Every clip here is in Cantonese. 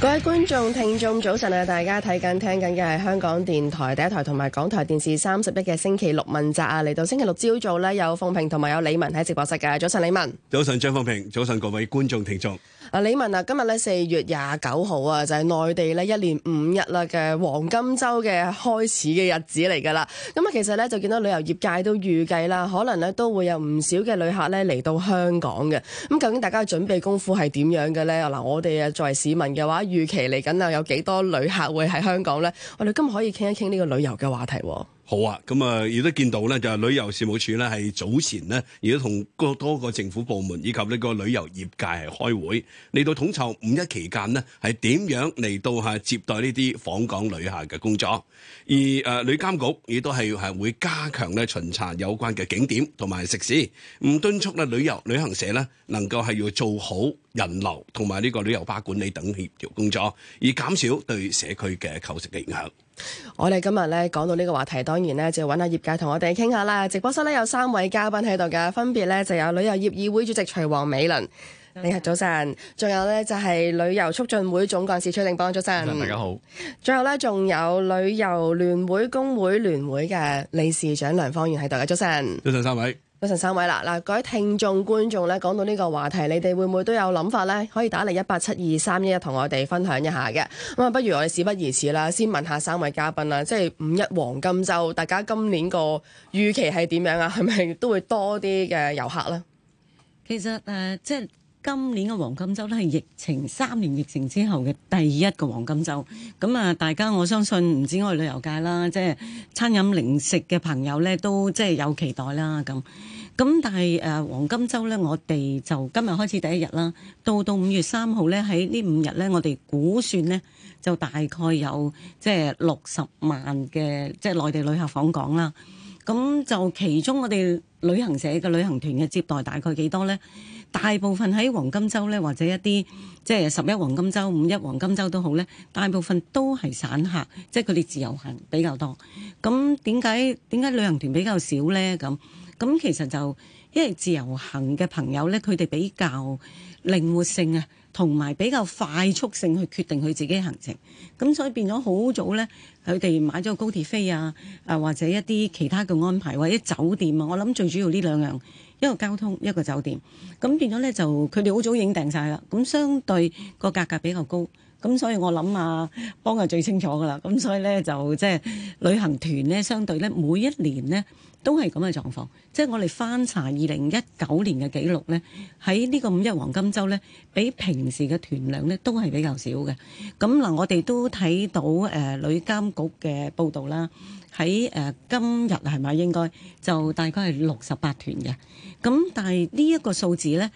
各位觀眾聽眾早晨啊！大家睇緊聽緊嘅係香港電台第一台同埋港台電視三十一嘅星期六問責啊！嚟到星期六朝早咧，有鳳平同埋有李文喺直播室嘅。早晨，李文。早晨，張鳳平。早晨，各位觀眾聽眾。啊，李文啊，今日咧四月廿九號啊，就係內地咧一年五日啦嘅黃金周嘅開始嘅日子嚟噶啦。咁啊，其實咧就見到旅遊業界都預計啦，可能咧都會有唔少嘅旅客咧嚟到香港嘅。咁究竟大家嘅準備功夫係點樣嘅咧？嗱，我哋啊作為市民嘅。話預期嚟緊又有幾多旅客會喺香港呢？我哋今日可以傾一傾呢個旅遊嘅話題。好啊，咁啊，亦都見到咧，就係旅遊事務署咧，係早前咧，亦都同多個政府部門以及呢個旅遊業界係開會嚟到統籌五一期間咧，係點樣嚟到嚇接待呢啲訪港旅客嘅工作。而誒旅監局亦都係係會加強咧巡查有關嘅景點同埋食肆，唔敦促咧旅遊旅行社咧能夠係要做好人流同埋呢個旅遊巴管理等協調工作，以減少對社區嘅構成嘅影響。我哋今日咧講到呢個話題，當然咧就要揾下業界同我哋傾下啦。直播室呢，有三位嘉賓喺度嘅，分別咧就有旅遊業議會主席徐王美倫，你係早晨。仲有呢就係、是、旅遊促進會總幹事崔定邦，早晨，早晨，大家好。最後呢，仲有旅遊聯業工會聯會嘅理事長梁芳遠喺度嘅，早晨，早晨三位。早晨三位啦，嗱各位聽眾觀眾咧，講到呢個話題，你哋會唔會都有諗法咧？可以打嚟一八七二三一一同我哋分享一下嘅。咁啊，不如我哋事不宜遲啦，先問下三位嘉賓啦，即係五一黃金週，大家今年個預期係點樣啊？係咪都會多啲嘅遊客咧？其實誒、呃，即係。今年嘅黃金周咧，係疫情三年疫情之後嘅第一個黃金周。咁啊，大家我相信唔止我哋旅遊界啦，即係餐飲零食嘅朋友咧，都即係有期待啦咁。咁但係誒黃金周咧，我哋就今日開始第一日啦，到到五月三號咧，喺呢五日咧，我哋估算咧，就大概有即係六十萬嘅即係內地旅客訪港啦。咁就其中我哋旅行社嘅旅行團嘅接待大概幾多咧？大部分喺黃金週咧，或者一啲即係十一黃金週、五一黃金週都好咧。大部分都係散客，即係佢哋自由行比較多。咁點解點解旅行團比較少咧？咁咁其實就因為自由行嘅朋友咧，佢哋比較靈活性啊，同埋比較快速性去決定佢自己行程。咁所以變咗好早咧，佢哋買咗個高鐵飛啊，啊或者一啲其他嘅安排，或者酒店啊。我諗最主要呢兩樣。一個交通，一個酒店，咁變咗咧就佢哋好早已經訂晒啦。咁相對個價格比較高，咁所以我諗啊，幫嘅最清楚㗎啦。咁所以咧就即係旅行團咧，相對咧每一年咧都係咁嘅狀況。即係我哋翻查二零一九年嘅記錄咧，喺呢個五一黃金週咧，比平時嘅團量咧都係比較少嘅。咁嗱，我哋都睇到誒旅監局嘅報道啦。喺誒、呃、今日係咪應該就大概係六十八團嘅，咁但係呢一個數字咧，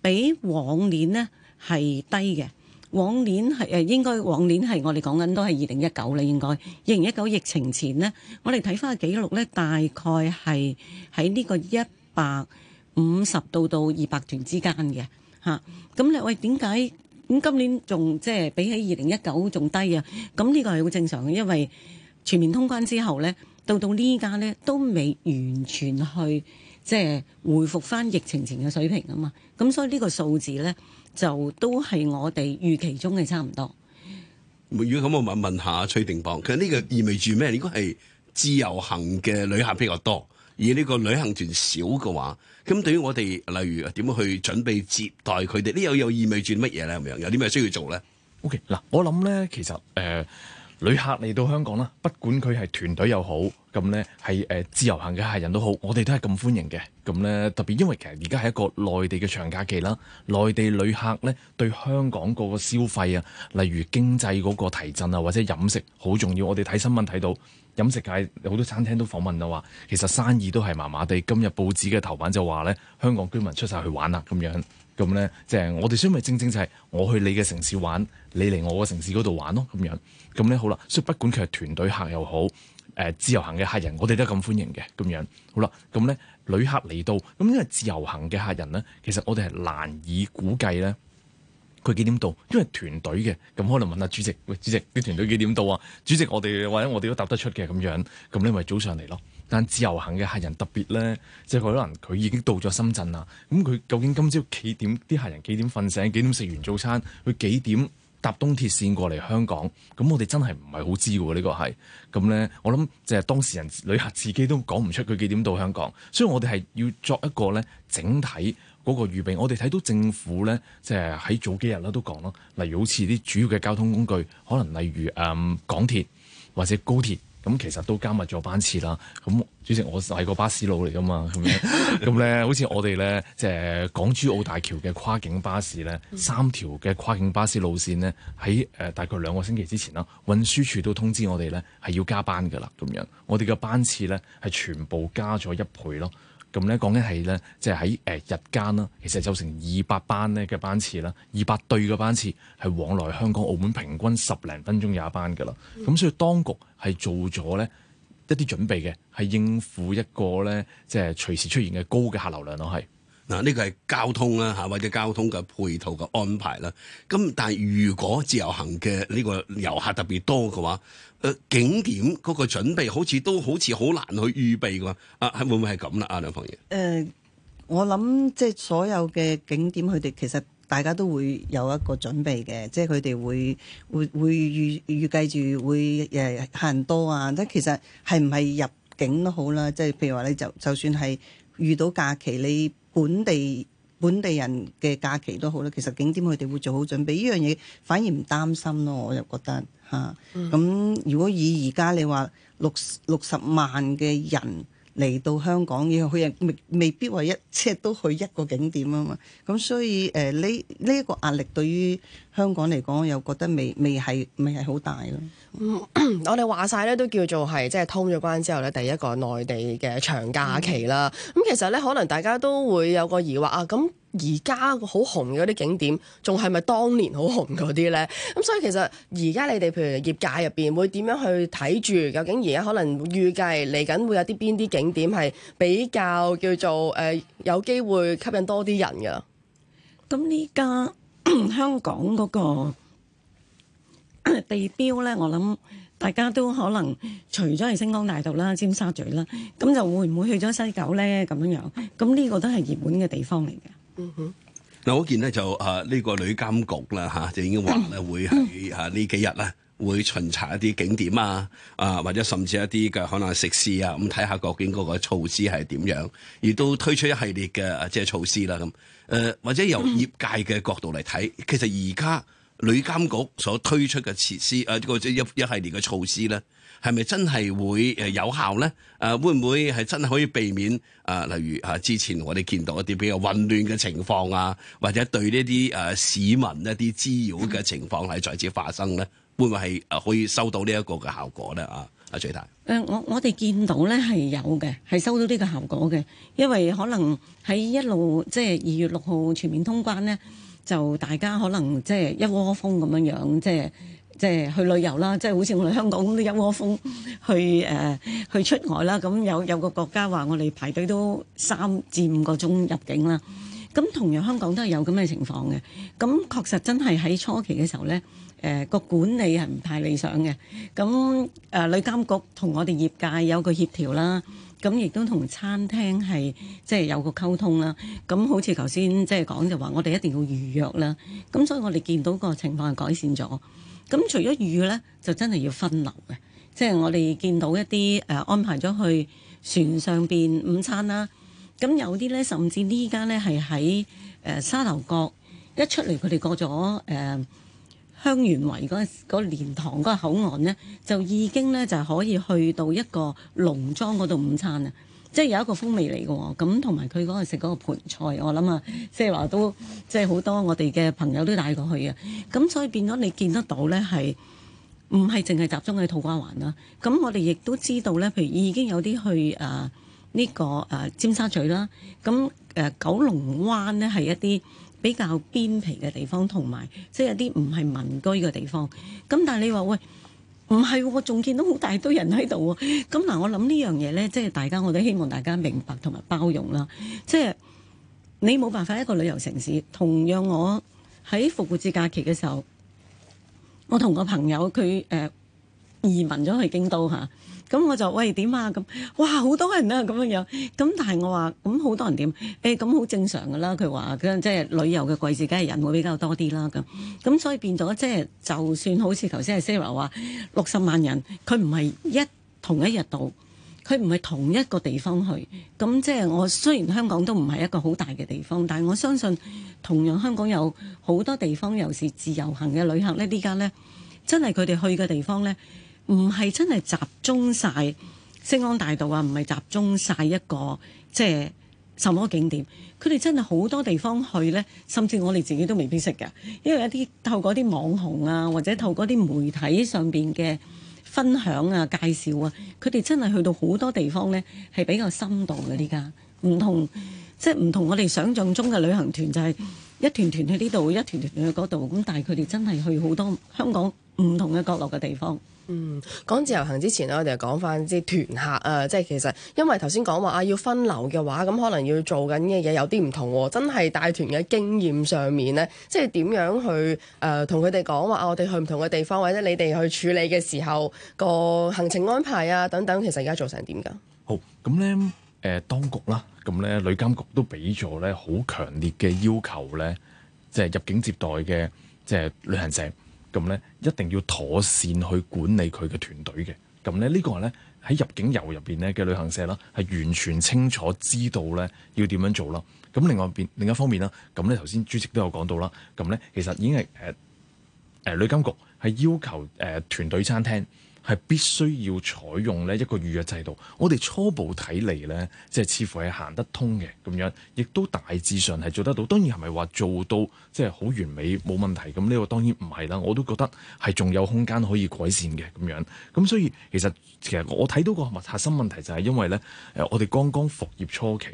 比往年咧係低嘅。往年係誒、呃、應該往年係我哋講緊都係二零一九啦，應該二零一九疫情前咧，我哋睇翻個記錄咧，大概係喺呢個一百五十到到二百團之間嘅嚇。咁、啊、你，喂，點解咁今年仲即係比起二零一九仲低啊？咁呢個係好正常嘅，因為全面通關之後咧，到到呢家咧都未完全去即係回復返疫情前嘅水平啊嘛，咁所以呢個數字咧就都係我哋預期中嘅差唔多。如果咁，我問問下崔定邦，其實呢個意味住咩？如果係自由行嘅旅客比較多，而呢個旅行團少嘅話，咁對於我哋例如點樣去準備接待佢哋，呢又又意味住乜嘢咧？咁樣有啲咩需要做咧？OK，嗱，我諗咧，其實誒。呃旅客嚟到香港啦，不管佢係團隊又好，咁呢係誒自由行嘅客人都好，我哋都係咁歡迎嘅。咁呢特別因為其實而家係一個內地嘅長假期啦，內地旅客呢對香港個消費啊，例如經濟嗰個提振啊，或者飲食好重要。我哋睇新聞睇到飲食界好多餐廳都訪問就話，其實生意都係麻麻地。今日報紙嘅頭版就話呢，香港居民出晒去玩啦咁樣。咁咧，即係、就是、我哋所咪正正就係，我去你嘅城市玩，你嚟我嘅城市嗰度玩咯，咁樣。咁咧好啦，所以不管佢係團隊客又好，誒、呃、自由行嘅客人，我哋都咁歡迎嘅，咁樣好啦。咁咧，旅客嚟到，咁因為自由行嘅客人咧，其實我哋係難以估計咧，佢幾點到。因為團隊嘅，咁可能問下主席，喂，主席啲團隊幾點到啊？主席我，我哋或者我哋都答得出嘅，咁樣。咁你咪早上嚟咯。但自由行嘅客人特別咧，即係可能佢已經到咗深圳啦。咁佢究竟今朝幾點？啲客人幾點瞓醒？幾點食完早餐？佢幾點搭東鐵線過嚟香港？咁我哋真係唔係好知嘅喎，呢個係咁咧。我諗即係當事人旅客自己都講唔出佢幾點到香港，所以我哋係要作一個咧整體嗰個預備。我哋睇到政府咧，即係喺早幾日啦都講咯，例如好似啲主要嘅交通工具，可能例如誒港鐵或者高鐵。咁其實都加密咗班次啦。咁，主席，我係個巴士佬嚟噶嘛，咁 樣咁咧，好似我哋咧，即係港珠澳大橋嘅跨境巴士咧，三條嘅跨境巴士路線呢，喺誒大概兩個星期之前啦，運輸署都通知我哋咧係要加班嘅啦，咁樣我哋嘅班次咧係全部加咗一倍咯。咁咧講緊係咧，即係喺誒日間啦，其實就成二百班呢嘅班次啦，二百對嘅班次係往來香港澳門，平均十零分鐘有一班嘅啦。咁、嗯、所以當局係做咗咧一啲準備嘅，係應付一個咧即係隨時出現嘅高嘅客流量咯，係。嗱，呢個係交通啦、啊，嚇或者交通嘅配套嘅安排啦、啊。咁但係如果自由行嘅呢個遊客特別多嘅話，誒、呃、景點嗰個準備好似都好似好難去預備嘅啊，係、啊、會唔會係咁啦？阿梁芳遠，誒、呃、我諗即係所有嘅景點，佢哋其實大家都會有一個準備嘅，即係佢哋會會會預預計住會誒客、呃、多啊。即其實係唔係入境都好啦，即、就、係、是、譬如話你就就算係遇到假期你。本地本地人嘅假期都好啦，其實景點佢哋會做好準備，呢樣嘢反而唔擔心咯，我就覺得吓。咁、啊嗯、如果以而家你話六六十萬嘅人。嚟到香港，以後佢又未未必話一即係都去一個景點啊嘛，咁所以誒呢呢一個壓力對於香港嚟講，又覺得未未係未係好大咯 我哋話晒咧都叫做係即係通咗關之後咧，第一個內地嘅長假期啦。咁、嗯、其實咧，可能大家都會有個疑惑啊，咁。而家好紅嗰啲景點，仲係咪當年好紅嗰啲呢？咁所以其實而家你哋譬如業界入邊會點樣去睇住？究竟而家可能預計嚟緊會有啲邊啲景點係比較叫做誒、呃、有機會吸引多啲人㗎？咁呢家香港嗰個 地標呢，我諗大家都可能除咗係星光大道啦、尖沙咀啦，咁就會唔會去咗西九呢？咁樣樣，咁呢個都係熱門嘅地方嚟嘅。嗯哼，嗱我、嗯、哼見咧就誒呢，呃這個旅監局啦吓，就已經話咧會係吓呢幾日咧會巡查一啲景點啊，啊或者甚至一啲嘅可能係食肆啊，咁睇下究竟嗰個措施係點樣，亦都推出一系列嘅即係措施啦咁，誒、啊啊，或者由業界嘅角度嚟睇，其實而家旅監局所推出嘅設施誒個，啊、一一系列嘅措施咧。係咪真係會誒有效咧？誒、啊、會唔會係真係可以避免誒、呃、例如吓、啊、之前我哋見到一啲比較混亂嘅情況啊，或者對呢啲誒市民一啲滋擾嘅情況係再次發生咧，會唔會係可以收到呢一個嘅效果咧？啊，阿徐太誒、呃，我我哋見到咧係有嘅，係收到呢個效果嘅，因為可能喺一路即係二月六號全面通關咧，就大家可能即係一窩蜂咁樣樣即係。即係去旅遊啦，即係好似我哋香港咁，都一窩蜂去誒、呃、去出外啦。咁有有個國家話我哋排隊都三至五個鐘入境啦。咁同樣香港都係有咁嘅情況嘅。咁確實真係喺初期嘅時候咧，誒、呃、個管理係唔太理想嘅。咁誒旅監局同我哋業界有個協調啦，咁亦都同餐廳係即係有個溝通啦。咁好似頭先即係講就話我哋一定要預約啦。咁所以我哋見到個情況係改善咗。咁除咗雨咧，就真係要分流嘅，即係我哋見到一啲誒、呃、安排咗去船上邊午餐啦、啊。咁有啲咧，甚至呢間咧係喺誒沙頭角一出嚟，佢哋過咗誒香園圍嗰個嗰蓮、嗰個、塘嗰個口岸咧，就已經咧就係可以去到一個農莊嗰度午餐啊。即係有一個風味嚟嘅喎，咁同埋佢嗰個食嗰個盤菜，我諗啊，即係話都即係好多我哋嘅朋友都帶過去啊，咁所以變咗你見得到咧，係唔係淨係集中喺土瓜灣啦？咁我哋亦都知道咧，譬如已經有啲去誒呢個誒尖沙咀啦，咁誒九龍灣咧係一啲比較邊皮嘅地方，同埋即係一啲唔係民居嘅地方，咁但係你話喂？唔係，我仲見到好大堆人喺度喎。咁嗱，我諗呢樣嘢咧，即係大家我都希望大家明白同埋包容啦。即係你冇辦法一個旅遊城市，同樣我喺復活節假期嘅時候，我同個朋友佢誒、呃、移民咗去京都嚇。啊咁我就喂點啊咁，哇好多人啊咁樣樣，咁但係我話咁好多人點？誒咁好正常㗎啦，佢話即係旅遊嘅季節，梗係人會比較多啲啦咁。咁所以變咗即係就算好似頭先阿 Sarah 話六十萬人，佢唔係一同一日到，佢唔係同一個地方去。咁即係我雖然香港都唔係一個好大嘅地方，但係我相信同樣香港有好多地方又是自由行嘅旅客呢，依家呢真係佢哋去嘅地方呢。唔係真係集中晒星光大道啊！唔係集中晒一個即係什麼景點。佢哋真係好多地方去呢，甚至我哋自己都未必識㗎，因為一啲透過啲網紅啊，或者透過啲媒體上邊嘅分享啊、介紹啊，佢哋真係去到好多地方呢，係比較深度嘅。呢家唔同即係唔同我哋想象中嘅旅行團，就係一團團去呢度，一團團去嗰度。咁但係佢哋真係去好多香港唔同嘅角落嘅地方。嗯，講自由行之前咧，我哋講翻啲團客啊，即係其實因為頭先講話啊，要分流嘅話，咁可能要做緊嘅嘢有啲唔同喎。真係帶團嘅經驗上面呢，即係點樣去誒同佢哋講話啊？我哋去唔同嘅地方，或者你哋去處理嘅時候個行程安排啊等等，其實而家做成點㗎？好，咁呢誒、呃，當局啦，咁呢旅監局都俾咗呢好強烈嘅要求呢，即係入境接待嘅即係旅行社。咁咧一定要妥善去管理佢嘅團隊嘅，咁咧呢個咧喺入境遊入邊咧嘅旅行社啦，係完全清楚知道咧要點樣做啦。咁另外邊另一方面啦，咁咧頭先主席都有講到啦，咁咧其實已經係誒誒旅監局係要求誒團隊餐廳。係必須要採用呢一個預約制度，我哋初步睇嚟咧，即係似乎係行得通嘅咁樣，亦都大致上係做得到。當然係咪話做到即係好完美冇問題？咁呢個當然唔係啦，我都覺得係仲有空間可以改善嘅咁樣。咁所以其實其實我睇到個核心問題就係因為咧，誒我哋剛剛復業初期。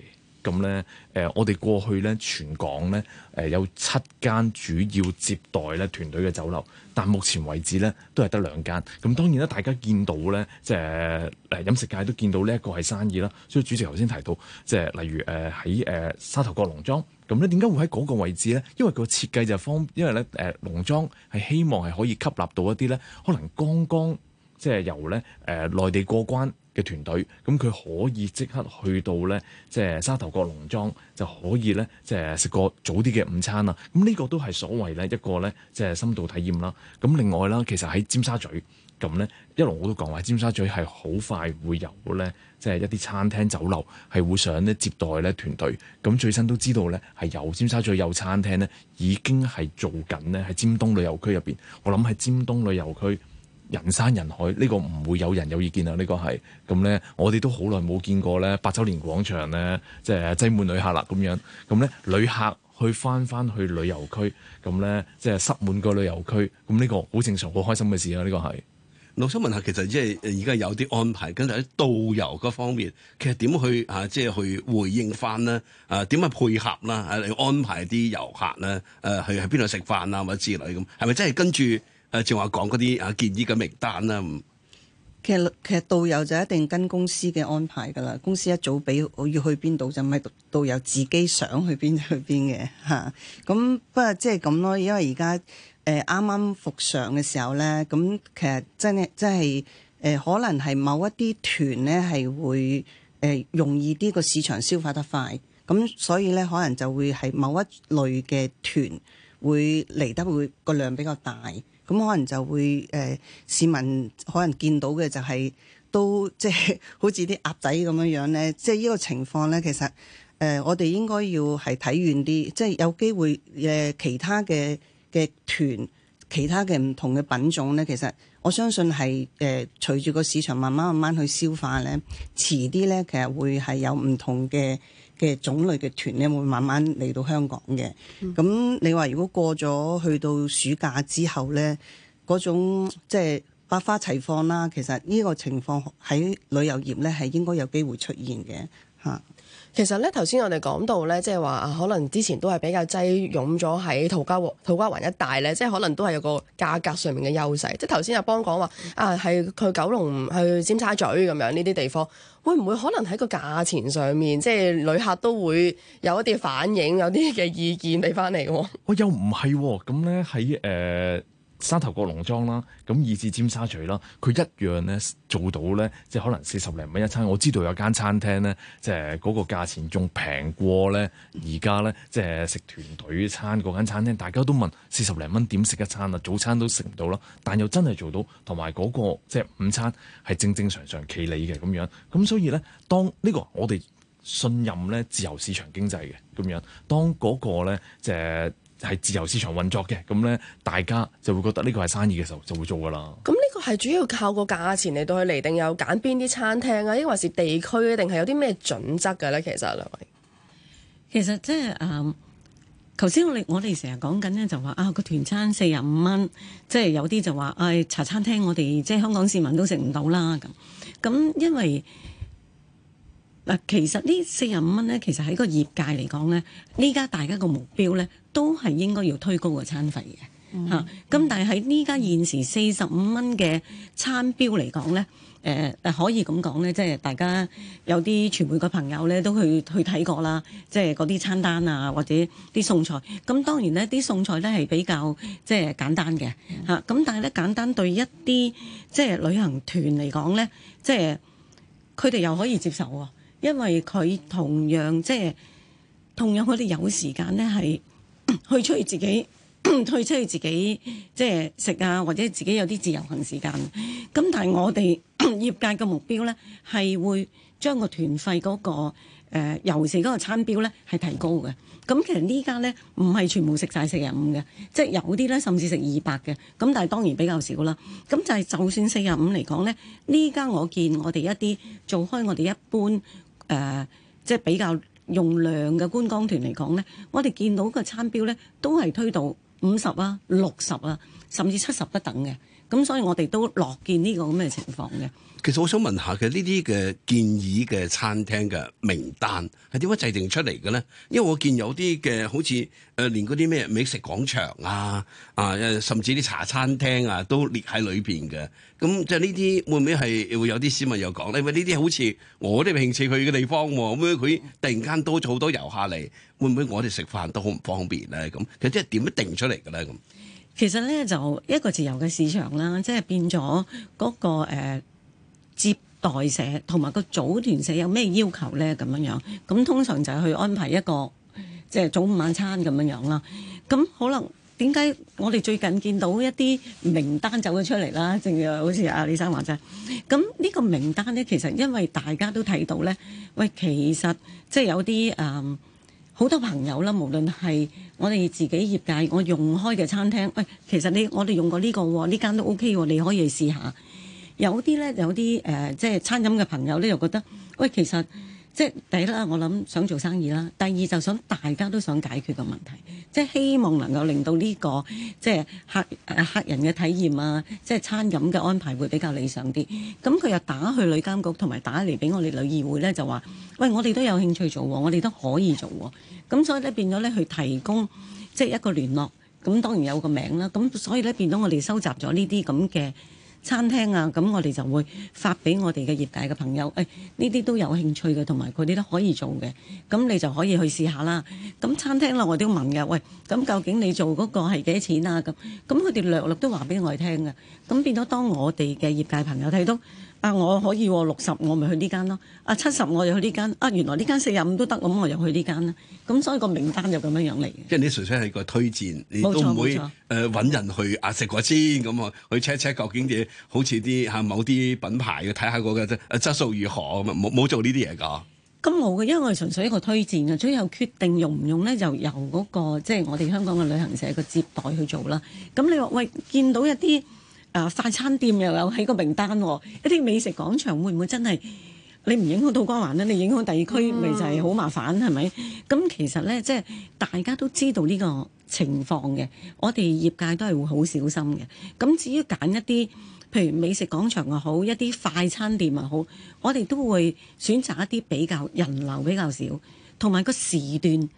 咁咧，誒、嗯，我哋過去咧全港咧，誒有七間主要接待咧團隊嘅酒樓，但目前為止咧都係得兩間。咁當然啦，大家見到咧，即係誒飲食界都見到呢一個係生意啦。所以主席頭先提到，即係例如誒喺誒沙頭角農莊，咁咧點解會喺嗰個位置咧？因為個設計就方，因為咧誒農莊係希望係可以吸納到一啲咧可能剛剛即係由咧誒內地過關，嘅團隊，咁佢可以即刻去到咧，即係沙頭角農莊，就可以咧，即係食個早啲嘅午餐啦。咁呢個都係所謂咧一個咧，即係深度體驗啦。咁另外啦，其實喺尖沙咀咁咧，一路我都講話尖沙咀係好快會有咧，即係一啲餐廳酒樓係會上呢接待咧團隊。咁最新都知道咧，係有尖沙咀有餐廳咧，已經係做緊呢喺尖東旅遊區入邊。我諗喺尖東旅遊區。人山人海，呢個唔會有人有意見啊！呢個係咁咧，我哋都好耐冇見過咧，八周年廣場咧，即係擠滿旅客啦咁樣。咁咧，旅客去翻翻去旅遊區，咁咧即係塞滿個旅遊區，咁呢個好正常、好開心嘅事啦。呢個係，我想問下，其實即係而家有啲安排，跟住喺導遊嗰方面，其實點去啊？即係去回應翻呢？啊？點去配合啦？你安排啲遊客咧？誒，去喺邊度食飯啊？或者之類咁，係咪真係跟住？誒，正話講嗰啲啊建議嘅名單啦。其實其實導遊就一定跟公司嘅安排噶啦，公司一早俾我要去邊度，就唔係導，導遊自己想去邊去邊嘅嚇。咁、啊、不過即係咁咯，因為而家誒啱啱復常嘅時候咧，咁其實真係即係誒，可能係某一啲團咧係會誒、呃、容易啲個市場消化得快，咁所以咧可能就會係某一類嘅團會嚟得會個量比較大。咁、嗯、可能就會誒、呃、市民可能見到嘅就係、是、都即係好似啲鴨仔咁樣樣咧，即係呢個情況咧，其實誒、呃、我哋應該要係睇遠啲，即係有機會誒、呃、其他嘅嘅團，其他嘅唔同嘅品種咧，其實我相信係誒、呃、隨住個市場慢慢慢慢去消化咧，遲啲咧其實會係有唔同嘅。嘅種類嘅團咧，會慢慢嚟到香港嘅。咁你話如果過咗去到暑假之後咧，嗰種即係、就是、百花齊放啦。其實呢個情況喺旅遊業咧，係應該有機會出現嘅嚇。其實咧，頭先我哋講到咧，即係話可能之前都係比較擠擁咗喺土瓜土瓜灣一帶咧，即係可能都係有個價格上面嘅優勢。即係頭先阿邦講話啊，係去九龍去尖沙咀咁樣呢啲地方，會唔會可能喺個價錢上面，即係旅客都會有一啲反應，有啲嘅意見俾翻你？我、哦、又唔係咁咧，喺誒。沙頭角農莊啦，咁以至尖沙咀啦，佢一樣咧做到咧，即係可能四十零蚊一餐。我知道有間餐廳咧，即係嗰個價錢仲平過咧，而家咧即係食團隊餐嗰間餐廳，大家都問四十零蚊點食一餐啊？早餐都食唔到啦。但又真係做到，同埋嗰個即係午餐係正正常常，常企理嘅咁樣。咁所以咧，當呢、呢個我哋信任咧自由市場經濟嘅咁樣，當嗰、嗰個咧即係。係自由市場運作嘅，咁咧大家就會覺得呢個係生意嘅時候就會做噶啦。咁呢個係主要靠個價錢嚟到去釐定，有揀邊啲餐廳啊？抑或是地區定、啊、係有啲咩準則嘅咧？其實兩位，其實即係誒，頭、呃、先我哋我哋成日講緊呢，就話啊個團餐四十五蚊，即係有啲就話唉，茶餐廳我，我哋即係香港市民都食唔到啦。咁咁因為嗱、呃，其實呢四十五蚊呢，其實喺個業界嚟講呢，呢家大家個目標呢，都係應該要推高個餐費嘅嚇。咁、嗯啊、但係喺呢家現時四十五蚊嘅餐標嚟講咧，誒、呃、誒可以咁講咧，即係大家有啲傳媒嘅朋友咧都去去睇過啦，即係嗰啲餐單啊，或者啲餸菜。咁當然咧，啲餸菜咧係比較即係簡單嘅嚇。咁、啊、但係咧簡單對一啲即係旅行團嚟講咧，即係佢哋又可以接受喎，因為佢同樣即係同樣佢哋有時間咧係。退出去自己，退 出去自己，即係食啊，或者自己有啲自由行時間。咁但係我哋 業界嘅目標咧，係會將個團費嗰個誒、呃，尤其係嗰個餐標咧，係提高嘅。咁其實呢家咧，唔係全部食晒四十五嘅，即係有啲咧，甚至食二百嘅。咁但係當然比較少啦。咁就係就算四十五嚟講咧，呢家我見我哋一啲做開我哋一般誒，即係比較。用量嘅觀光團嚟講咧，我哋見到個餐標咧都係推到五十啊、六十啊，甚至七十不等嘅。咁所以，我哋都樂見呢個咁嘅情況嘅。其實我想問下，其實呢啲嘅建議嘅餐廳嘅名單係點樣制定出嚟嘅咧？因為我見有啲嘅好似誒，連嗰啲咩美食廣場啊啊，甚至啲茶餐廳啊，都列喺裏邊嘅。咁即係呢啲會唔會係會有啲市民又講咧？喂，呢啲好似我哋平時去嘅地方喎，啊，咁樣佢突然間多咗好多遊客嚟，會唔會我哋食飯都好唔方便咧？咁其實即係點樣定出嚟嘅咧？咁？其實咧就一個自由嘅市場啦，即係變咗嗰、嗰個、呃、接待社同埋個組團社有咩要求咧，咁樣樣，咁通常就係去安排一個即係早午晚餐咁樣樣啦。咁可能點解我哋最近見到一啲名單走咗出嚟啦？正如好似阿李生話齋，咁呢個名單咧，其實因為大家都睇到咧，喂，其實即係有啲誒。呃好多朋友啦，無論係我哋自己業界，我用開嘅餐廳，喂，其實你我哋用過呢個呢間都 OK 喎，你可以去試下。有啲咧，有啲誒，即係餐飲嘅朋友咧，又覺得，喂，其實。即係第一啦，我諗想，想做生意啦。第二就想大家都想解決個問題，即係希望能夠令到呢個即係客客人嘅體驗啊，即係餐飲嘅安排會比較理想啲。咁佢又打去旅監局，同埋打嚟俾我哋旅議會咧，就話：喂，我哋都有興趣做，我哋都可以做。咁所以咧變咗咧，去提供即係一個聯絡，咁當然有個名啦。咁所以咧變咗我哋收集咗呢啲咁嘅。餐廳啊，咁我哋就會發俾我哋嘅業界嘅朋友，誒呢啲都有興趣嘅，同埋佢哋都可以做嘅，咁你就可以去試下啦。咁餐廳啦，我都要問嘅，喂，咁究竟你做嗰個係幾多錢啊？咁，咁佢哋略略都話俾我哋聽嘅，咁變咗當我哋嘅業界朋友睇到。啊！我可以六、哦、十，60, 我咪去呢間咯。啊七十，我又去呢間。啊原來呢間四十五都得，咁我又去呢間啦。咁所以個名單就咁樣樣嚟。即係你純粹係個推薦，錯你都唔會誒揾錯、呃、人去啊食過先咁去去 check check，究竟嘅好似啲嚇某啲品牌嘅睇下個嘅質素如何冇冇做呢啲嘢㗎。咁冇嘅，因為我哋純粹一個推薦嘅，最後決定用唔用咧就由嗰、那個即係、就是、我哋香港嘅旅行社個接待去做啦。咁你話喂見到一啲。啊！快餐店又有喺個名單喎、哦，一啲美食廣場會唔會真係你唔影響到光環咧？你影響第二區，咪、嗯、就係好麻煩係咪？咁其實咧，即係大家都知道呢個情況嘅，我哋業界都係會好小心嘅。咁至於揀一啲，譬如美食廣場又好，一啲快餐店又好，我哋都會選擇一啲比較人流比較少，同埋個時段。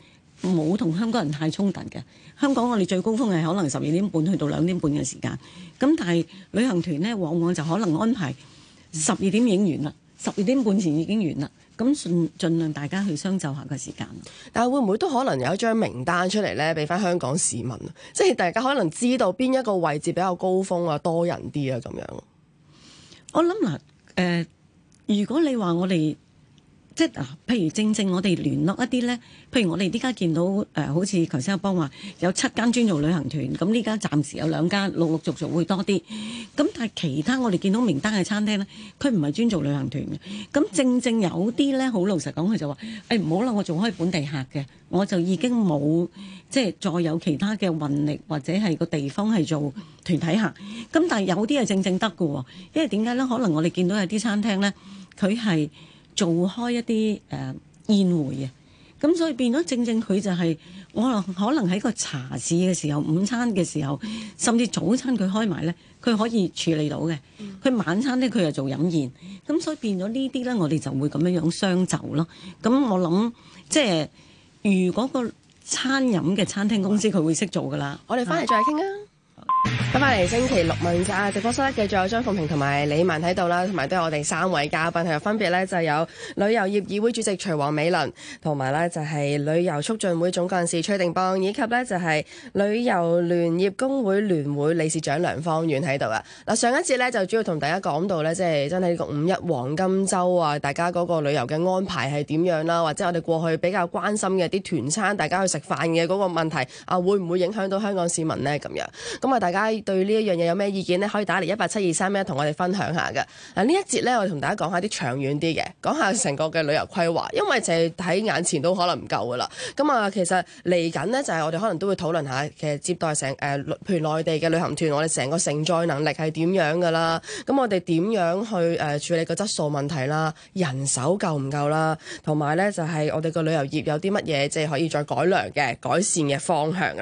冇同香港人太衝突嘅，香港我哋最高峰係可能十二點半去到兩點半嘅時間，咁但係旅行團呢，往往就可能安排十二點影完啦，十二點半前已經完啦，咁盡儘量大家去相就下個時間。但係會唔會都可能有一張名單出嚟呢？俾翻香港市民，即係大家可能知道邊一個位置比較高峰啊，多人啲啊咁樣。我諗嗱，誒、呃，如果你話我哋。即係嗱，譬如正正我哋聯絡一啲咧，譬如我哋依家見到誒，好似頭先阿邦話有七間專做旅行團，咁依家暫時有兩間，陸陸續續會多啲。咁但係其他我哋見到名單嘅餐廳咧，佢唔係專做旅行團嘅。咁正正有啲咧，好老實講，佢就話：誒唔好啦，我做開本地客嘅，我就已經冇即係再有其他嘅運力或者係個地方係做團體客。咁但係有啲係正正得嘅喎，因為點解咧？可能我哋見到有啲餐廳咧，佢係。做開一啲誒宴會啊，咁所以變咗正正佢就係、是、我可能喺個茶市嘅時候、午餐嘅時候，甚至早餐佢開埋咧，佢可以處理到嘅。佢晚餐咧，佢又做飲宴，咁所以變咗呢啲咧，我哋就會咁樣樣相就咯。咁我諗即係如果個餐飲嘅餐廳公司佢、嗯、會識做噶啦。我哋翻嚟再傾啊！嗯翻返嚟星期六問價直播室，繼續有張鳳萍同埋李文喺度啦，同埋都有我哋三位嘉賓，同埋分別咧就有旅遊業議會主席徐王美倫，同埋咧就係旅遊促進會總幹事崔定邦，以及咧就係旅遊聯業工會聯會理事長梁芳遠喺度噶。嗱，上一節咧就主要同大家講到咧，即係真係呢個五一黃金周啊，大家嗰個旅遊嘅安排係點樣啦，或者我哋過去比較關心嘅啲團餐，大家去食飯嘅嗰個問題啊，會唔會影響到香港市民呢？咁樣，咁啊大。大家對呢一樣嘢有咩意見呢？可以打嚟一八七二三一，同我哋分享下嘅。嗱，呢一節咧，我同大家講下啲長遠啲嘅，講下成個嘅旅遊規劃，因為就係睇眼前都可能唔夠噶啦。咁、嗯、啊，其實嚟緊呢，就係、是、我哋可能都會討論下，其實接待成誒，譬、呃、如內地嘅旅行團，我哋成個承載能力係點樣噶啦？咁、嗯、我哋點樣去誒、呃、處理個質素問題啦？人手夠唔夠啦？同埋咧，就係、是、我哋個旅遊業有啲乜嘢即係可以再改良嘅、改善嘅方向啊？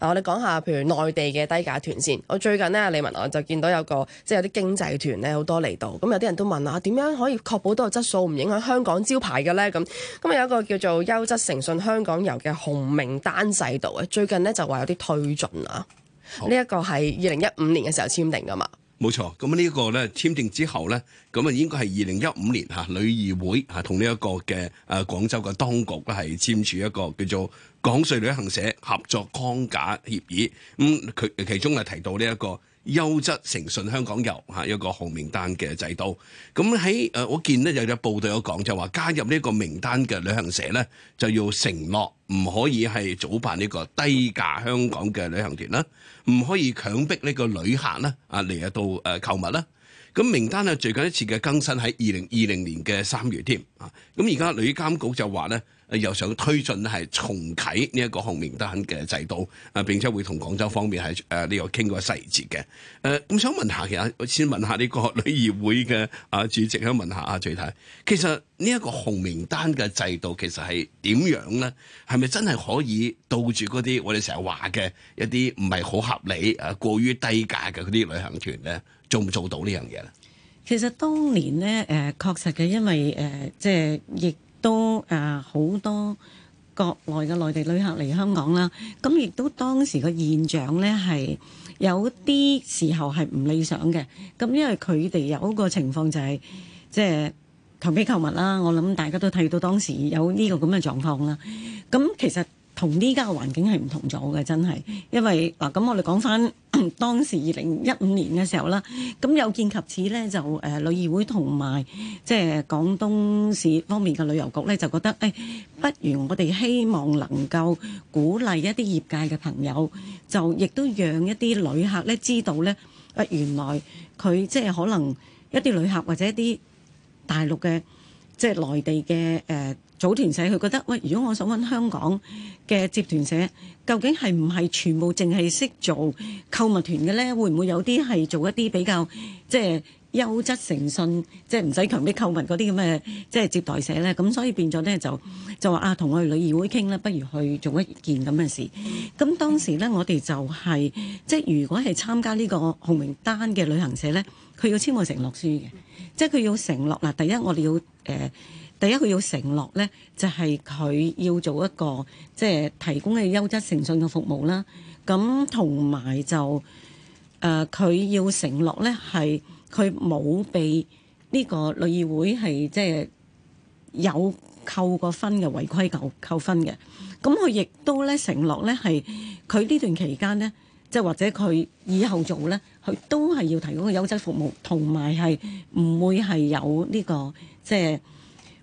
嗱、嗯，我哋講下譬如內地嘅低價團。我最近咧，李文我，我就見到有個即係有啲經濟團咧，好多嚟到，咁有啲人都問啊，點樣可以確保到個質素唔影響香港招牌嘅咧？咁咁有一個叫做優質誠信香港遊嘅紅名單制度啊，最近咧就話有啲推進啊，呢一好個係二零一五年嘅時候簽訂噶嘛。冇錯，咁呢一個咧簽訂之後咧，咁啊應該係二零一五年嚇旅議會嚇同呢一個嘅誒廣州嘅當局咧係簽署一個叫做港穗旅行社合作框架協議，咁佢其中啊提到呢、這、一個。優質誠信香港遊嚇，一個紅名單嘅制度。咁喺誒，我見咧有隻報道有講就話，是，加入呢一個名單嘅旅行社呢，就要承諾唔可以係組辦呢個低價香港嘅旅行團啦，唔可以強迫呢個旅客呢啊嚟入到誒購物啦。咁名單咧最近一次嘅更新喺二零二零年嘅三月添啊。咁而家旅監局就話呢。又想推進係重啟呢一個紅名單嘅制度，啊並且會同廣州方面係誒呢個傾過細節嘅。誒、啊、咁想問下，其實我先問下呢個旅議會嘅啊主席，想問下阿徐太，其實呢一個紅名單嘅制度其實係點樣咧？係咪真係可以杜絕嗰啲我哋成日話嘅一啲唔係好合理啊、過於低價嘅嗰啲旅行團咧，做唔做到呢樣嘢咧？其實當年咧誒、呃、確實嘅，因為誒、呃、即係疫。都誒好多國內嘅內地旅客嚟香港啦，咁亦都當時個現象咧係有啲時候係唔理想嘅，咁因為佢哋有一個情況就係、是、即係求機購物啦，我諗大家都睇到當時有呢個咁嘅狀況啦，咁其實。同呢家嘅環境係唔同咗嘅，真係，因為嗱咁我哋講翻當時二零一五年嘅時候啦，咁有見及此咧，就誒旅議會同埋即係廣東市方面嘅旅遊局咧，就覺得誒，不如我哋希望能夠鼓勵一啲業界嘅朋友，就亦都讓一啲旅客咧知道咧，誒原來佢即係可能一啲旅客或者一啲大陸嘅即係內地嘅誒。組團社佢覺得喂，如果我想揾香港嘅接團社，究竟係唔係全部淨係識做購物團嘅咧？會唔會有啲係做一啲比較即係、就是、優質誠信，即係唔使強逼購物嗰啲咁嘅即係接待社咧？咁所以變咗咧就就話啊，同我哋旅議會傾啦，不如去做一件咁嘅事。咁當時咧，我哋就係、是、即係如果係參加呢個紅名單嘅旅行社咧，佢要簽個承諾書嘅，即係佢要承諾啦。第一，我哋要誒。呃第一，佢要承諾咧，就係、是、佢要做一個即係、就是、提供嘅優質誠信嘅服務啦。咁同埋就誒，佢、呃、要承諾咧，係佢冇被呢個旅議會係即係有扣過分嘅違規扣扣分嘅。咁佢亦都咧承諾咧係佢呢段期間咧，即、就、係、是、或者佢以後做咧，佢都係要提供嘅優質服務，同埋係唔會係有呢、這個即係。就是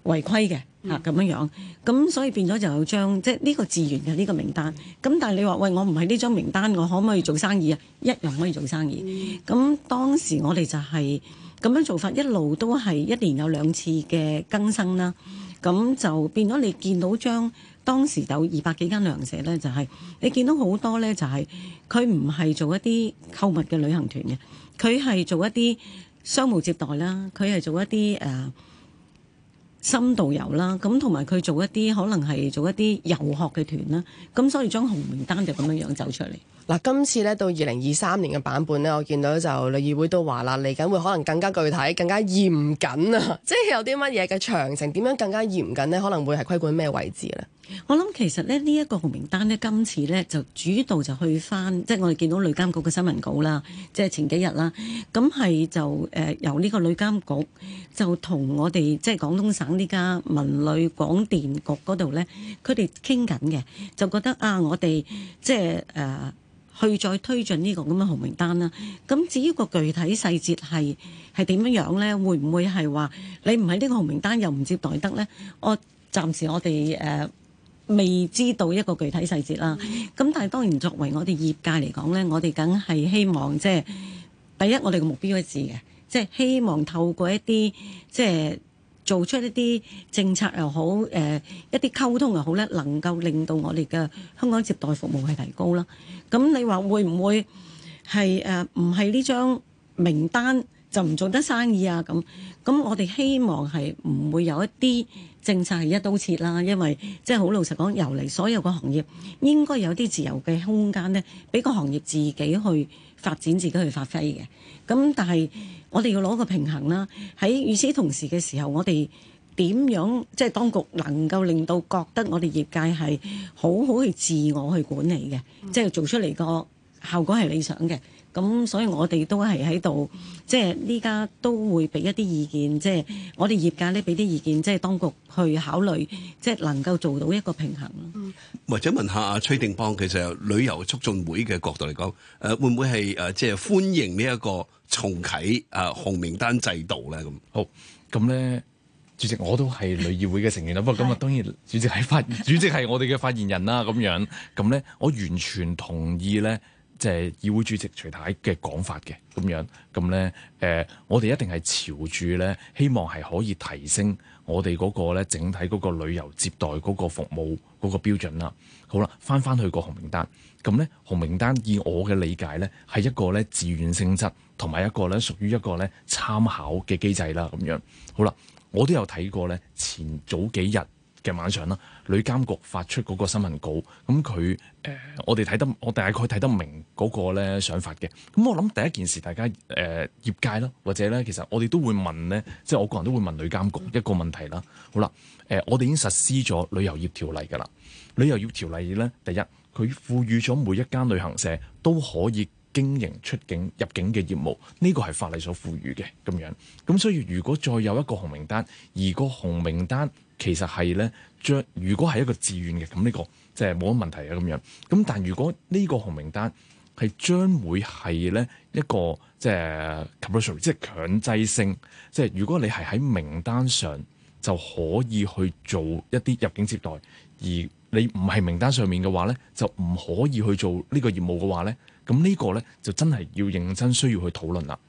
違規嘅嚇咁樣樣，咁所以變咗就有張即係呢個自願嘅呢個名單。咁但係你話喂，我唔係呢張名單，我可唔可以做生意啊？一樣可以做生意。咁當時我哋就係、是、咁樣做法，一路都係一年有兩次嘅更新啦。咁就變咗你見到張當時有二百幾間旅行社咧，就係、是、你見到好多咧，就係佢唔係做一啲購物嘅旅行團嘅，佢係做一啲商務接待啦，佢係做一啲誒。呃深度遊啦，咁同埋佢做一啲可能係做一啲遊學嘅團啦，咁所以將紅名單就咁樣樣走出嚟。嗱，今次咧到二零二三年嘅版本咧，我見到就旅議會都話啦，嚟緊會可能更加具體、更加嚴謹啊！ 即係有啲乜嘢嘅詳情，點樣更加嚴謹咧？可能會係規管咩位置咧？我諗其實咧，呢一個紅名單咧，今次咧就主導就去翻，即係我哋見到旅監局嘅新聞稿啦，即係前幾日啦，咁係就誒由呢個旅監局就同我哋即係廣東省呢家文旅廣電局嗰度咧，佢哋傾緊嘅，就覺得啊，我哋即係誒去再推進呢個咁嘅紅名單啦。咁至於個具體細節係係點樣樣咧？會唔會係話你唔喺呢個紅名單又唔接待得咧？我暫時我哋誒。呃未知道一個具體細節啦，咁但係當然作為我哋業界嚟講咧，我哋梗係希望即係第一，我哋嘅目標一致嘅，即係希望透過一啲即係做出一啲政策又好，誒一啲溝通又好咧，能夠令到我哋嘅香港接待服務係提高啦。咁你話會唔會係誒唔係呢張名單就唔做得生意啊？咁咁我哋希望係唔會有一啲。政策係一刀切啦，因為即係好老實講，由嚟所有個行業應該有啲自由嘅空間咧，俾個行業自己去發展，自己去發揮嘅。咁但係，我哋要攞個平衡啦。喺與此同時嘅時候，我哋點樣即係當局能夠令到覺得我哋業界係好好去自我去管理嘅，即係做出嚟個效果係理想嘅。咁所以我哋都係喺度，即係呢家都會俾一啲意見，即係我哋業界咧俾啲意見，即係當局去考慮，即係能夠做到一個平衡咯。嗯，或者問下阿崔定邦，其實旅遊促進會嘅角度嚟講，誒會唔會係誒即係歡迎呢一個重啟誒紅名單制度咧？咁好，咁咧，主席我都係旅議會嘅成員啦。不過今日當然，主席係發， 主席係我哋嘅發言人啦。咁樣，咁咧，我完全同意咧。即係議會主席徐太嘅講法嘅咁樣，咁咧誒，我哋一定係朝住咧，希望係可以提升我哋嗰個咧整體嗰個旅遊接待嗰個服務嗰個標準啦。好啦，返返去個紅名單，咁咧紅名單以我嘅理解咧係一個咧自願性質，同埋一個咧屬於一個咧參考嘅機制啦咁樣。好啦，我都有睇過咧前早幾日。嘅晚上啦，旅監局發出嗰個新聞稿，咁佢誒我哋睇得我大概睇得明嗰個咧想法嘅。咁我諗第一件事，大家誒、呃、業界咯，或者咧，其實我哋都會問咧，即係我個人都會問旅監局一個問題啦。好啦，誒、呃、我哋已經實施咗旅遊業條例㗎啦。旅遊業條例咧，第一，佢賦予咗每一間旅行社都可以經營出境入境嘅業務，呢、這個係法例所賦予嘅咁樣。咁所以如果再有一個紅名單，而個紅名單。其實係咧，將如果係一個自願嘅，咁呢個即係冇乜問題啊咁樣。咁但如果呢個紅名單係將會係咧一個即係即係強制性。即係如果你係喺名單上，就可以去做一啲入境接待；而你唔係名單上面嘅話咧，就唔可以去做呢個業務嘅話咧，咁呢個咧就真係要認真需要去討論啦。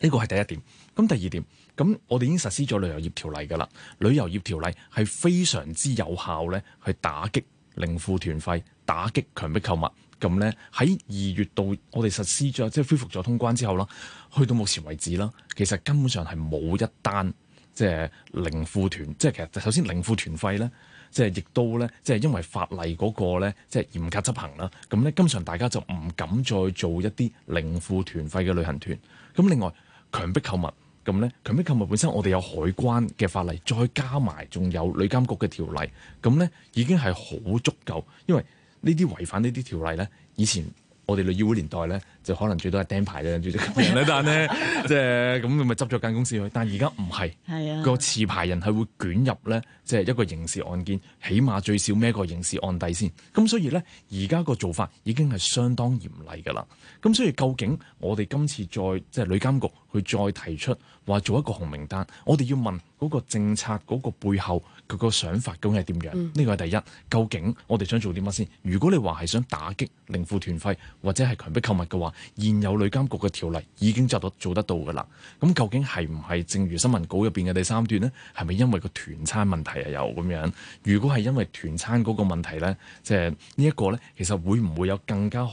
呢個係第一點。咁第二點。咁我哋已經實施咗旅遊業條例噶啦，旅遊業條例係非常之有效咧，去打擊零負團費、打擊強迫購物。咁咧喺二月度我哋實施咗，即係恢復咗通關之後啦，去到目前為止啦，其實根本上係冇一單即係零負團，即係其實首先零負團費咧，即係亦都咧，即係因為法例嗰個咧，即係嚴格執行啦。咁咧，經常大家就唔敢再做一啲零負團費嘅旅行團。咁另外強迫購物。咁咧，強逼購物本身，我哋有海關嘅法例，再加埋仲有旅監局嘅條例，咁咧已經係好足夠，因為呢啲違反呢啲條例咧，以前我哋旅議會年代咧。就可能最多係釘牌啫，住啲咁嘅人咧。但咧，即係咁，佢咪執咗間公司去。但而家唔係，個持牌人係會捲入咧，即係一個刑事案件，起碼最少孭個刑事案底先。咁所以咧，而家個做法已經係相當嚴厲噶啦。咁所以究竟我哋今次再即係、就是、旅監局，去再提出話做一個紅名單，我哋要問嗰個政策嗰個背後佢個想法究竟係點樣？呢個係第一。究竟我哋想做啲乜先？如果你話係想打擊零負團費或者係強迫購物嘅話。現有旅監局嘅條例已經就到做得到㗎喇，咁究竟係唔係正如新聞稿入邊嘅第三段咧？係咪因為個團餐問題係有咁樣？如果係因為團餐嗰個問題咧，即係呢一個咧，其實會唔會有更加好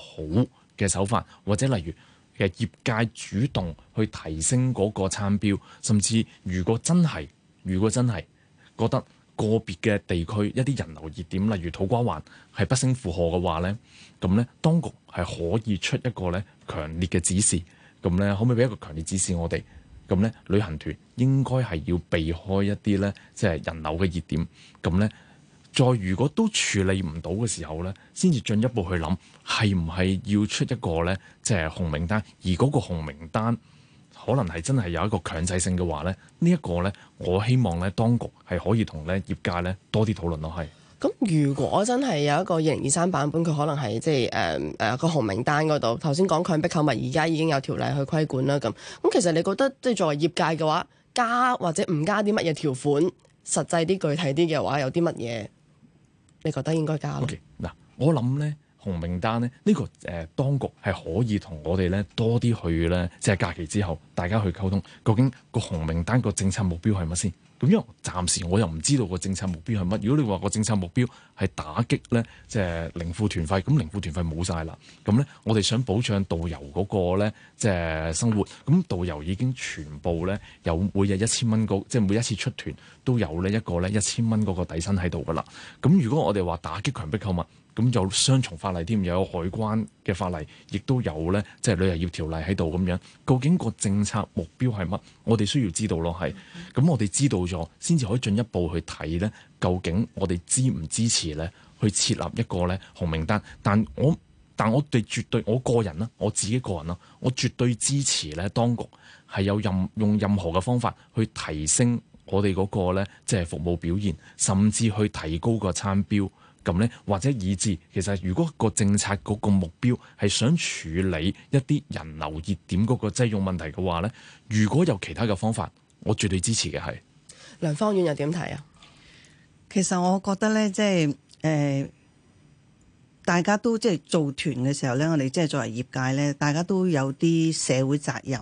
嘅手法，或者例如嘅業界主動去提升嗰個餐標，甚至如果真係，如果真係覺得，個別嘅地區一啲人流熱點，例如土瓜灣，係不勝負荷嘅話咧，咁咧當局係可以出一個咧強烈嘅指示，咁咧可唔可以俾一個強烈指示我哋？咁咧旅行團應該係要避開一啲咧即係人流嘅熱點，咁咧再如果都處理唔到嘅時候咧，先至進一步去諗係唔係要出一個咧即係紅名單，而嗰個紅名單。可能係真係有一個強制性嘅話咧，這個、呢一個咧，我希望咧當局係可以同咧業界咧多啲討論囉。係。咁如果真係有一個二零二三版本，佢可能係即係誒誒個紅名單嗰度，頭先講強迫購物，而家已經有條例去規管啦。咁咁其實你覺得即係作為業界嘅話，加或者唔加啲乜嘢條款，實際啲具體啲嘅話，有啲乜嘢？你覺得應該加咯？嗱、okay，我諗咧。紅名單、這個呃、呢，呢個誒當局係可以同我哋咧多啲去咧，即係假期之後大家去溝通，究竟個紅名單政個政策目標係乜先？咁因為暫時我又唔知道個政策目標係乜。如果你話個政策目標係打擊咧，即係零負團費，咁零負團費冇晒啦。咁咧，我哋想保障導遊嗰個咧，即係生活。咁導遊已經全部咧，有每日一千蚊嗰，即係每一次出團都有呢一個咧一千蚊嗰個底薪喺度噶啦。咁如果我哋話打擊強迫購物？咁、嗯、有雙重法例添，又有海關嘅法例，亦都有咧，即係旅遊業條例喺度咁樣。究竟個政策目標係乜？我哋需要知道咯，係。咁、嗯嗯、我哋知道咗，先至可以進一步去睇咧，究竟我哋支唔支持咧？去設立一個咧紅名單。但我，但我哋絕對，我個人啦，我自己個人啦，我絕對支持咧。當局係有任用任何嘅方法去提升我哋嗰個咧，即係服務表現，甚至去提高個餐標。咁咧，或者以至，其實如果個政策個目標係想處理一啲人流熱點嗰個擠擁問題嘅話咧，如果有其他嘅方法，我絕對支持嘅。係，梁芳遠又點睇啊？其實我覺得咧，即係誒，大家都即係、就是、做團嘅時候咧，我哋即係作為業界咧，大家都有啲社會責任，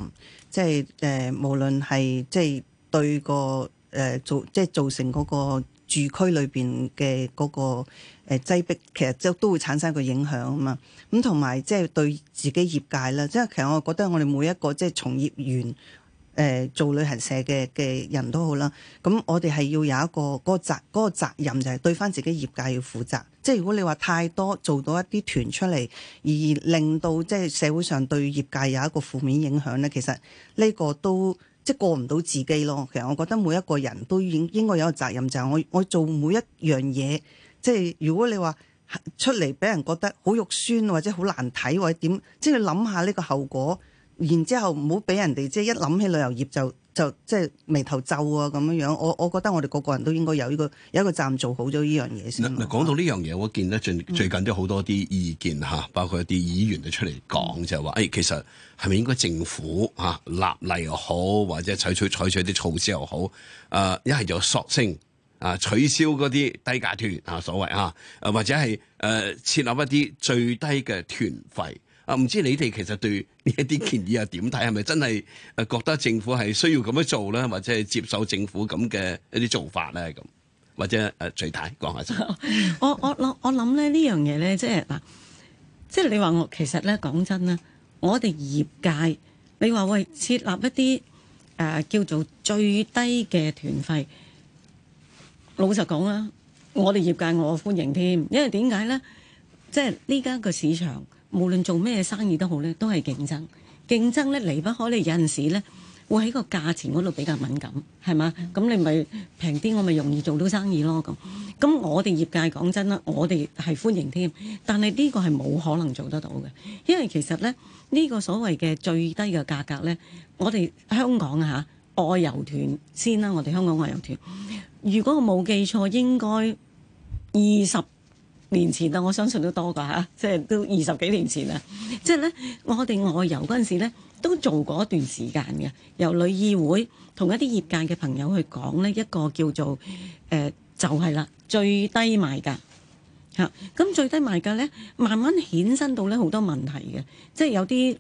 即係誒無論係即係對個誒、呃、做即係、就是、造成嗰、那個。住區裏邊嘅嗰個誒擠逼，其實即都會產生一個影響啊嘛。咁同埋即係對自己業界啦，即係其實我覺得我哋每一個即係從業員誒、呃、做旅行社嘅嘅人都好啦。咁我哋係要有一個嗰個責嗰個責任，就係對翻自己業界要負責。即係如果你話太多做到一啲團出嚟，而令到即係社會上對業界有一個負面影響咧，其實呢個都。即係過唔到自己咯，其實我覺得每一個人都應應該有個責任就，就係我我做每一樣嘢，即係如果你話出嚟俾人覺得好肉酸或者好難睇或者點，即係諗下呢個後果。然之後唔好俾人哋即係一諗起旅遊業就就即係眉頭皺啊，咁樣樣，我我覺得我哋個個人都應該有呢個有一個站做好咗呢樣嘢先。嗱講到呢樣嘢，是我見得最最近都好多啲意見嚇，嗯、包括一啲議員都出嚟講就係話：，誒其實係咪應該政府嚇立例又好，或者採取採取啲措施又好，誒一係就索性啊取消嗰啲低價團啊所謂啊，或者係誒、啊、設立，立一啲最低嘅團費。啊，唔知你哋其實對呢一啲建議係點睇，係咪真係誒覺得政府係需要咁樣做咧，或者係接受政府咁嘅一啲做法咧咁，或者誒徐太講下先 。我我諗我諗咧呢樣嘢咧，即係嗱，即係你話我其實咧講真啦，我哋業界你話喂設立一啲誒、呃、叫做最低嘅團費，老實講啊，我哋業界我歡迎添，因為點解咧？即係呢間個市場。無論做咩生意都好咧，都係競爭。競爭咧離不開你，有陣時咧會喺個價錢嗰度比較敏感，係嘛？咁 你咪平啲，我咪容易做到生意咯。咁咁我哋業界講真啦，我哋係歡迎添。但係呢個係冇可能做得到嘅，因為其實咧呢、呢個所謂嘅最低嘅價格咧，我哋香港嚇、啊、外遊團先啦，我哋香港外遊團，如果我冇記錯應該二十年前啊，我相信都多噶嚇，即係都二十幾年前啦。即係咧，我哋外遊嗰陣時咧，都做過一段時間嘅，由旅議會同一啲業界嘅朋友去講呢一個叫做誒、呃，就係、是、啦，最低賣價嚇。咁、嗯、最低賣價咧，慢慢衍生到咧好多問題嘅，即、就、係、是、有啲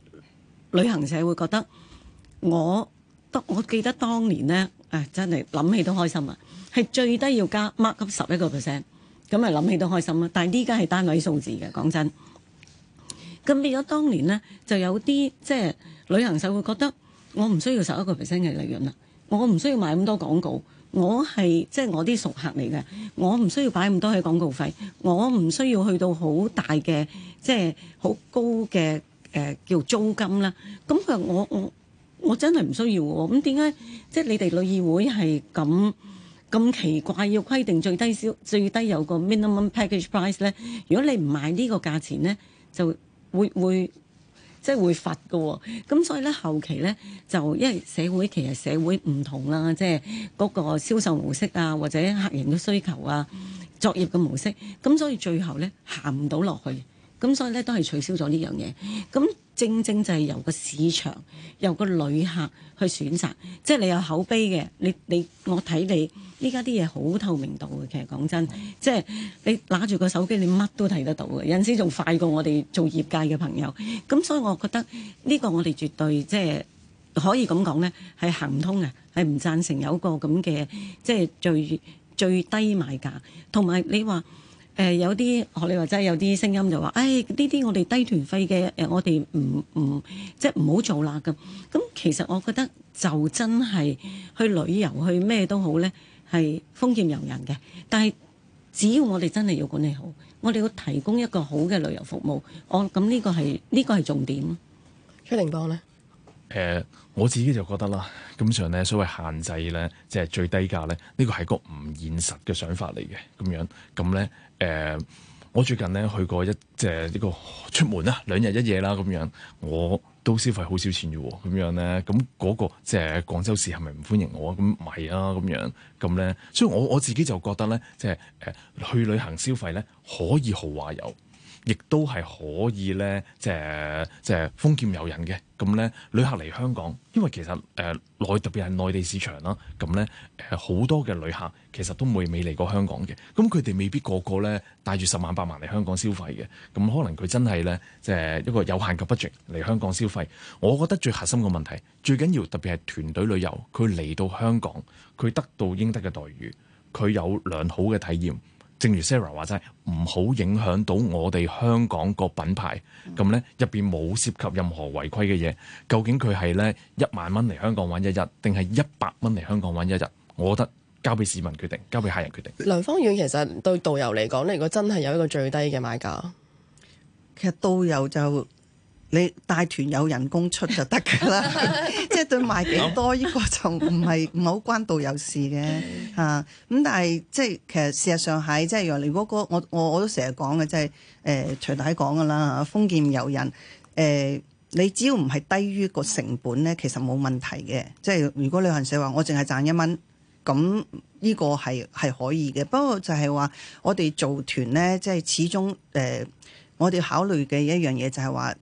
旅行社會覺得我，當我記得當年咧，誒真係諗起都開心啊，係最低要加 mark up 十一個 percent。咁咪諗起都開心啦！但係呢家係單位數字嘅，講真。咁變咗當年咧，就有啲即係旅行社會覺得我，我唔需要十一個 percent 嘅利潤啦，我唔需要買咁多廣告，我係即係我啲熟客嚟嘅，我唔需要擺咁多嘅廣告費，我唔需要去到好大嘅，即係好高嘅誒、呃、叫租金啦。咁佢我我我真係唔需要喎。咁點解即係你哋旅議會係咁？咁奇怪要規定最低銷最低有個 minimum package price 咧，如果你唔買個呢個價錢咧，就會會即係、就是會罰噶哦。咁所以咧後期咧就因為社會其實社會唔同啦，即係嗰個銷售模式啊，或者客人嘅需求啊，作業嘅模式，咁所以最後咧行唔到落去，咁所以咧都係取消咗呢樣嘢。咁正正就係由個市場由個旅客去選擇，即係你有口碑嘅，你你我睇你。依家啲嘢好透明度嘅，其實講真，即係你拿住個手機，你乜都睇得到嘅。有陣時仲快過我哋做業界嘅朋友，咁所以我覺得呢個我哋絕對即係可以咁講咧，係行唔通嘅，係唔贊成有個咁嘅即係最最低賣價。同埋你話誒有啲學你話齋有啲聲音就話誒呢啲我哋低團費嘅誒我哋唔唔即係唔好做啦咁。咁其實我覺得就真係去旅遊去咩都好咧。係封建遊人嘅，但係只要我哋真係要管理好，我哋要提供一個好嘅旅遊服務，我咁呢、嗯這個係呢、這個係重點。崔定邦咧，誒、呃、我自己就覺得啦，咁上咧所謂限制咧，即、就、係、是、最低價咧，呢、這個係個唔現實嘅想法嚟嘅，咁樣咁咧誒，我最近咧去過一即係呢個出門啦，兩日一夜啦咁樣我。都消費好少錢嘅喎，咁樣咧，咁嗰個即係廣州市係咪唔歡迎我？咁唔係啊，咁樣咁咧，所以我我自己就覺得咧，即係誒去旅行消費咧，可以豪華遊。亦都係可以咧，即係即係豐儉由人嘅咁咧，旅客嚟香港，因為其實誒內特別係內地市場啦，咁咧誒好多嘅旅客其實都未未嚟過香港嘅，咁佢哋未必個個咧帶住十萬八萬嚟香港消費嘅，咁可能佢真係咧即係一個有限嘅 budget 嚟香港消費。我覺得最核心嘅問題，最緊要特別係團隊旅遊，佢嚟到香港，佢得到應得嘅待遇，佢有良好嘅體驗。正如 Sarah 話齋，唔好影響到我哋香港個品牌。咁呢入邊冇涉及任何違規嘅嘢。究竟佢係呢？一萬蚊嚟香港玩一日，定係一百蚊嚟香港玩一日？我覺得交俾市民決定，交俾客人決定。梁芳遠，其實對導遊嚟講，如果真係有一個最低嘅買價，其實導遊就。你帶團有人工出就得㗎啦，即係對賣幾多呢個就唔係唔係好關導遊事嘅嚇。咁但係即係其實事實上係即係如果個我我我都成日講嘅即係誒徐太講㗎啦，封建遊人誒、呃，你只要唔係低於個成本咧，其實冇問題嘅。即係如果旅行社話我淨係賺一蚊，咁呢個係係可以嘅。不過就係話我哋做團咧，即係始終誒。呃我哋考慮嘅一樣嘢就係話，誒、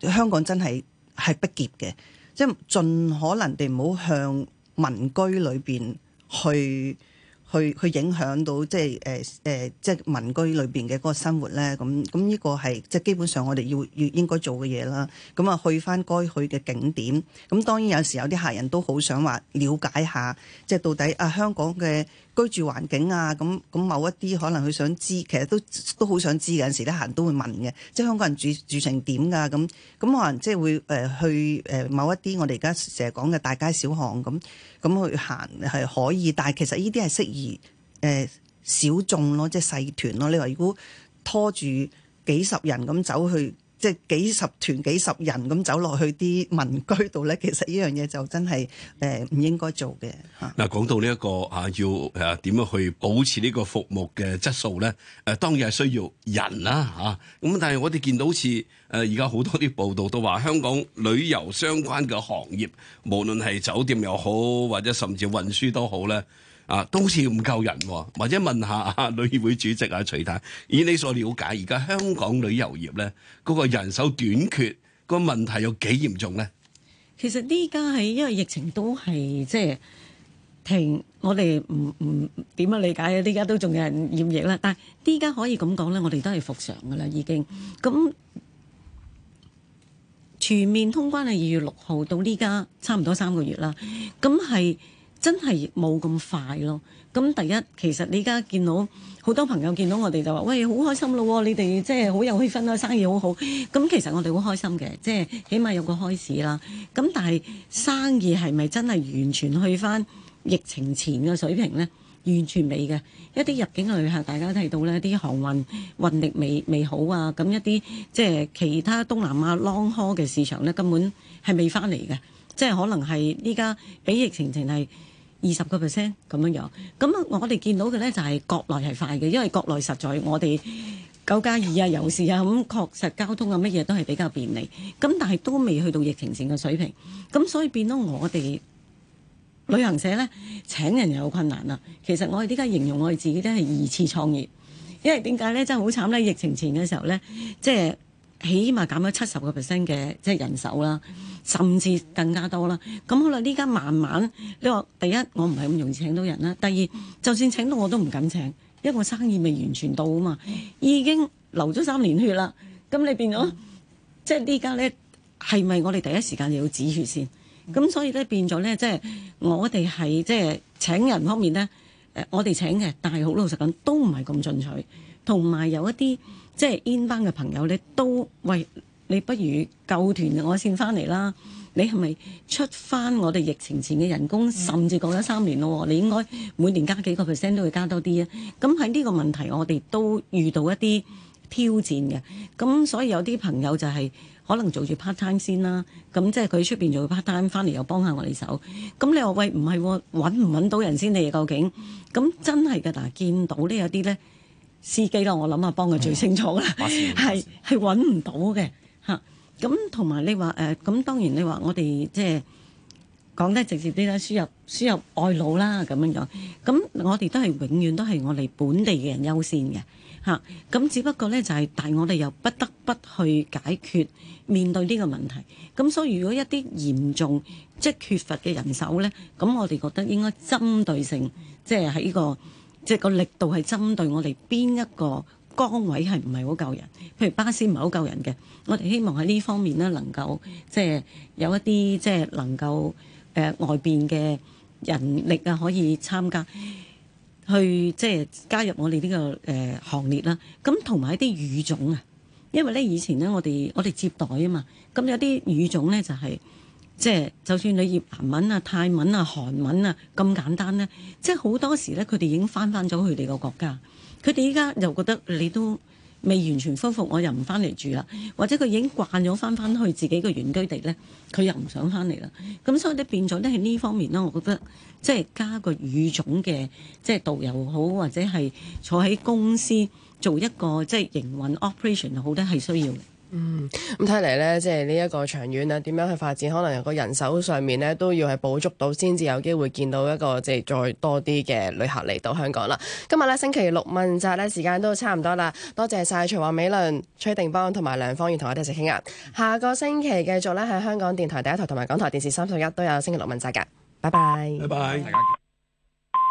呃、香港真係係逼狹嘅，即係盡可能地唔好向民居裏邊去去去影響到即係誒誒，即係、呃、民居裏邊嘅嗰個生活咧。咁咁呢個係即係基本上我哋要要應該做嘅嘢啦。咁、嗯、啊，去返該去嘅景點。咁、嗯、當然有時有啲客人都好想話了解下，即係到底啊香港嘅。居住環境啊，咁咁某一啲可能佢想知，其實都都好想知。有陣時咧行都會問嘅，即係香港人住住成點㗎，咁咁可能即係會誒、呃、去誒某一啲我哋而家成日講嘅大街小巷咁，咁去行係可以，但係其實呢啲係適宜誒、呃、小眾咯，即係細團咯。你話如果拖住幾十人咁走去？即係幾十團幾十人咁走落去啲民居度咧，其實呢樣嘢就真係誒唔應該做嘅。嗱，講到呢、這、一個啊，要誒點樣去保持呢個服務嘅質素咧？誒、啊、當然係需要人啦、啊、嚇。咁、啊、但係我哋見到好似誒而家好多啲報道都話，香港旅遊相關嘅行業，無論係酒店又好，或者甚至運輸都好咧。啊，都好似唔夠人、哦，或者問下旅議會主席啊，徐太，以你所了解，而家香港旅遊業咧，嗰個人手短缺個問題有幾嚴重咧？其實呢家係因為疫情都係即係停，我哋唔唔點樣理解嘅。呢家都仲有人染疫啦，但係呢家可以咁講咧，我哋都係復常噶啦，已經咁全面通關係二月六號到呢家差唔多三個月啦，咁係。真係冇咁快咯。咁第一，其實你而家見到好多朋友見到我哋就話，喂，好開心咯！你哋真係好有氣氛啊，生意好好。咁其實我哋好開心嘅，即係起碼有個開始啦。咁但係生意係咪真係完全去翻疫情前嘅水平呢？完全未嘅。一啲入境旅客，大家睇到咧，啲航運運力未未好啊。咁一啲即係其他東南亞 long haul 嘅市場呢，根本係未翻嚟嘅。即係可能係依家比疫情前係。二十個 percent 咁樣樣，咁我哋見到嘅咧就係國內係快嘅，因為國內實在我哋九加二啊、有市啊咁，確實交通啊乜嘢都係比較便利，咁但係都未去到疫情前嘅水平，咁所以變到我哋旅行社咧請人又好困難啦。其實我哋點解形容我哋自己都係二次創業？因為點解咧真係好慘咧？疫情前嘅時候咧，即係。起碼減咗七十個 percent 嘅即係人手啦，甚至更加多啦。咁好啦，呢家慢慢你話第一，我唔係咁容易請到人啦；第二，就算請到我都唔敢請，因為我生意未完全到啊嘛，已經流咗三年血啦。咁你變咗，即係呢家咧係咪我哋第一時間就要止血先？咁所以咧變咗咧，即係我哋係即係請人方面咧，誒我哋請嘅，但係好老實講，都唔係咁進取，同埋有一啲。即係 inbound 嘅朋友咧，你都喂，你不如夠團我先翻嚟啦。你係咪出翻我哋疫情前嘅人工，甚至過咗三年咯？你應該每年加幾個 percent 都會加多啲啊！咁喺呢個問題，我哋都遇到一啲挑戰嘅。咁所以有啲朋友就係、是、可能做住 part time 先啦。咁即係佢出邊做 part time，翻嚟又幫下我哋手。咁你話喂，唔係揾唔揾到人先？你究竟咁真係㗎嗱？見到有呢有啲咧。司機咯，我諗啊，幫佢最清楚啦，係係揾唔到嘅嚇。咁同埋你話誒，咁、呃、當然你話我哋即係講得直接啲啦，輸入輸入外勞啦咁樣講。咁我哋都係永遠都係我哋本地嘅人優先嘅嚇。咁、啊、只不過咧就係、是，但係我哋又不得不去解決面對呢個問題。咁所以如果一啲嚴重即係、就是、缺乏嘅人手咧，咁我哋覺得應該針對性，即係喺呢個。即係個力度係針對我哋邊一個崗位係唔係好夠人？譬如巴士唔係好夠人嘅，我哋希望喺呢方面咧能夠，即係有一啲即係能夠誒外邊嘅人力啊可以參加，去即係加入我哋呢個誒行列啦。咁同埋一啲語種啊，因為咧以前咧我哋我哋接待啊嘛，咁有啲語種咧就係、是。即係就算你越文啊、泰文啊、韓文啊咁簡單咧，即係好多時咧，佢哋已經翻返咗佢哋個國家。佢哋依家又覺得你都未完全恢復，我又唔翻嚟住啦，或者佢已經慣咗翻返去自己個原居地咧，佢又唔想翻嚟啦。咁所以咧變咗咧係呢方面咧，我覺得即係加個語種嘅，即係導遊好，或者係坐喺公司做一個即係營運 operation 好咧，係需要嘅。嗯，咁睇嚟咧，即係呢一個長遠啊，點樣去發展？可能有個人手上面咧都要係補足到，先至有機會見到一個即係再多啲嘅旅客嚟到香港啦。今日咧星期六問責咧時間都差唔多啦，多謝晒，徐王美倫、崔定邦同埋梁芳遠同我哋一齊傾啊！下個星期繼續咧喺香港電台第一台同埋港台電視三十一都有星期六問責㗎，拜拜。拜拜。拜拜